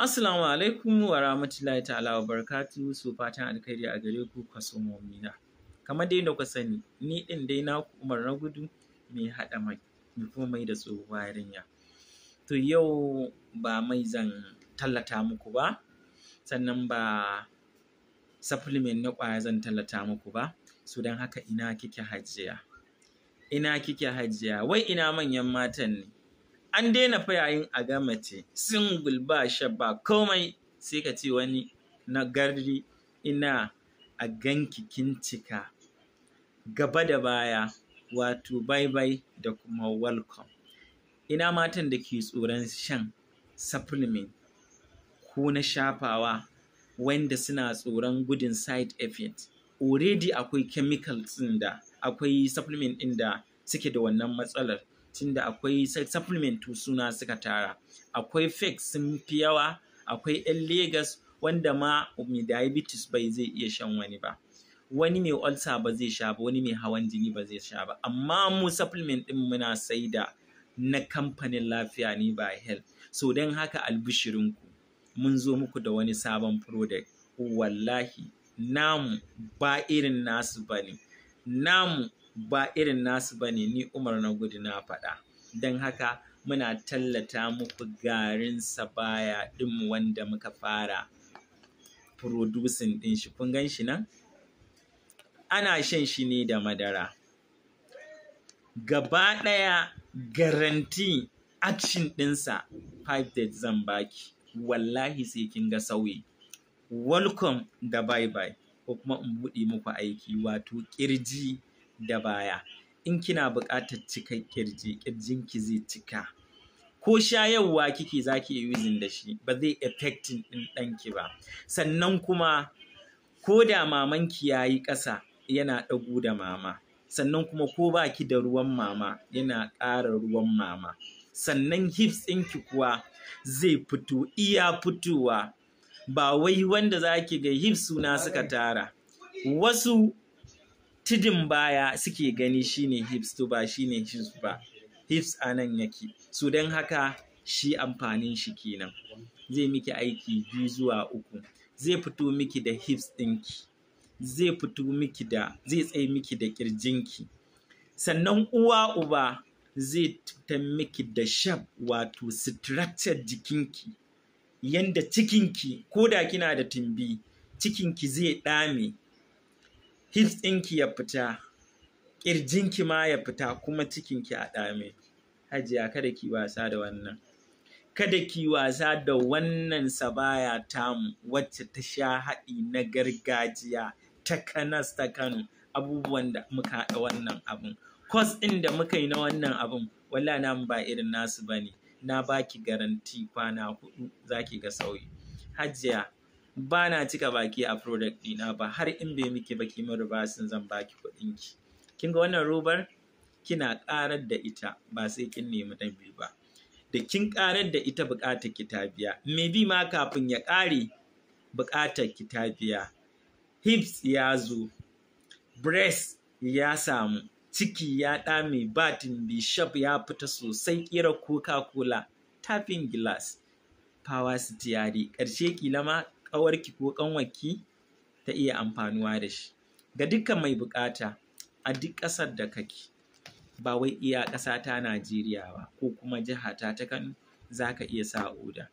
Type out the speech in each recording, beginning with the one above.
Assalamu alaikum wa rahmatullahi ta'ala wa barakatuh su fatan alkhairi a gare ku kwasomomi na. Kamar dai da ku sani, ni ɗin dai na Umar na gudu mai haɗa mai, mai kuma mai da tsohuwar yarinya. To yau ba mai zan tallata muku ba, sannan ba supplement na ƙwaya zan tallata muku ba, su dan haka ina kike hajiya. Ina kike hajiya, wai ina manyan matan ne. an daina fayayin a ga mace single ba ba, komai sai ka ce wani na gari ina a ganki kin cika gaba da baya wato bye bye da kuma welcome ina matan da ke tsoron shan supplement ko na shafawa wanda suna tsoron gudun side effect already akwai chemicals din da akwai supplement ɗin da suke da wannan matsalar tunda akwai supplement suna suka tara akwai fix sun fi yawa akwai 'yan Legas wanda ma mai diabetes bai zai iya shan wani ba wani mai ulcer ba zai sha ba wani mai hawan jini ba zai sha ba amma mu supplement din muna sai da na kamfanin lafiya ne ba health so don haka albishirinku mun zo muku da wani sabon product wallahi namu ba irin nasu ba ne namu ba irin nasu ba ne ni umar na gudu na faɗa don haka muna tallata muku garin baya ɗin wanda muka fara producing ɗin shi kun gan shi nan ana shan shi ne da madara gaba ɗaya garanti action ɗinsa five days zan baki wallahi sai kin ga sauyi welcome da bye bye ko kuma in buɗe muku aiki wato ƙirji da baya in kina buƙatar cika kirji ki zai cika ko shayarwa kike zaki yi using da shi ba zai affecting din ɗanki ba sannan kuma ko da mamanki yayi ƙasa yana ɗagu da mama sannan kuma ko baki da ruwan mama yana ƙara ruwan mama sannan hips ɗinki kuwa zai fito iya fitowa ba wai wanda zaki ga hips suna suka tara wasu cijin baya suke gani shine hips to ba shine hips ba hips anan yake su dan haka shi amfanin shi kenan zai miki aiki biyu zuwa uku zai fito miki da hips ɗinki zai fito miki da zai tsaye miki da ƙirjinki sannan uwa uba zai ta miki da shaf wato structure jikinki yanda cikinki ko da kina da tumbi cikinki zai ɗame hips ɗinki ya fita ƙirjinki ma ya fita kuma cikinki a ɗame hajiya kada ki wasa da wannan kada ki wasa da wannan sabaya tamu wacce ta sha haɗi na gargajiya ta kanas ta kano abubuwan da muka haɗa wannan abun kwas ɗin da muka yi na wannan abun wala na ba irin nasu ba ne na baki garanti kwana hudu za ki ga sauyi hajiya ba na cika baki a product ɗina ba har in bai miki ba kimin reversing zan baki kuɗin ki kin ga wannan robar kina ƙarar da ita ba sai kin nemi na biyu ba da kin ƙarar da ita buƙatar ki ta biya bi ma kafin ya ƙare buƙatar ki ta biya hips ya zo breast ya samu ciki ya ɗame batin bishop ya fita sosai ƙira coca cola tafin gilas power sitiyari ƙarshe kila ma ƙawarki ko ƙanwarki ta iya amfanuwa da shi ga dukkan mai buƙata a duk ƙasar da kake ba wai iya ƙasa ta Najeriya ba ko kuma jiha ta ta Kano za ka iya sa oda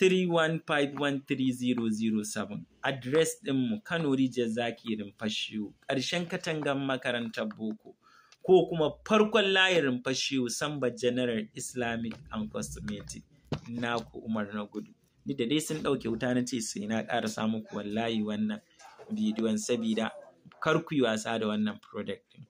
080 address ɗinmu Kano region Zakirin Fashiyu ƙarshen katangan makarantar boko ko kuma farkon layin Fashiyu Samba General Islamic and Cosmetic naku Umar na gudu ni dai sun ɗauke wuta na ce sai na ƙara samu muku wallahi wannan bidiyon sabida kar ku yi wasa da wannan product ɗin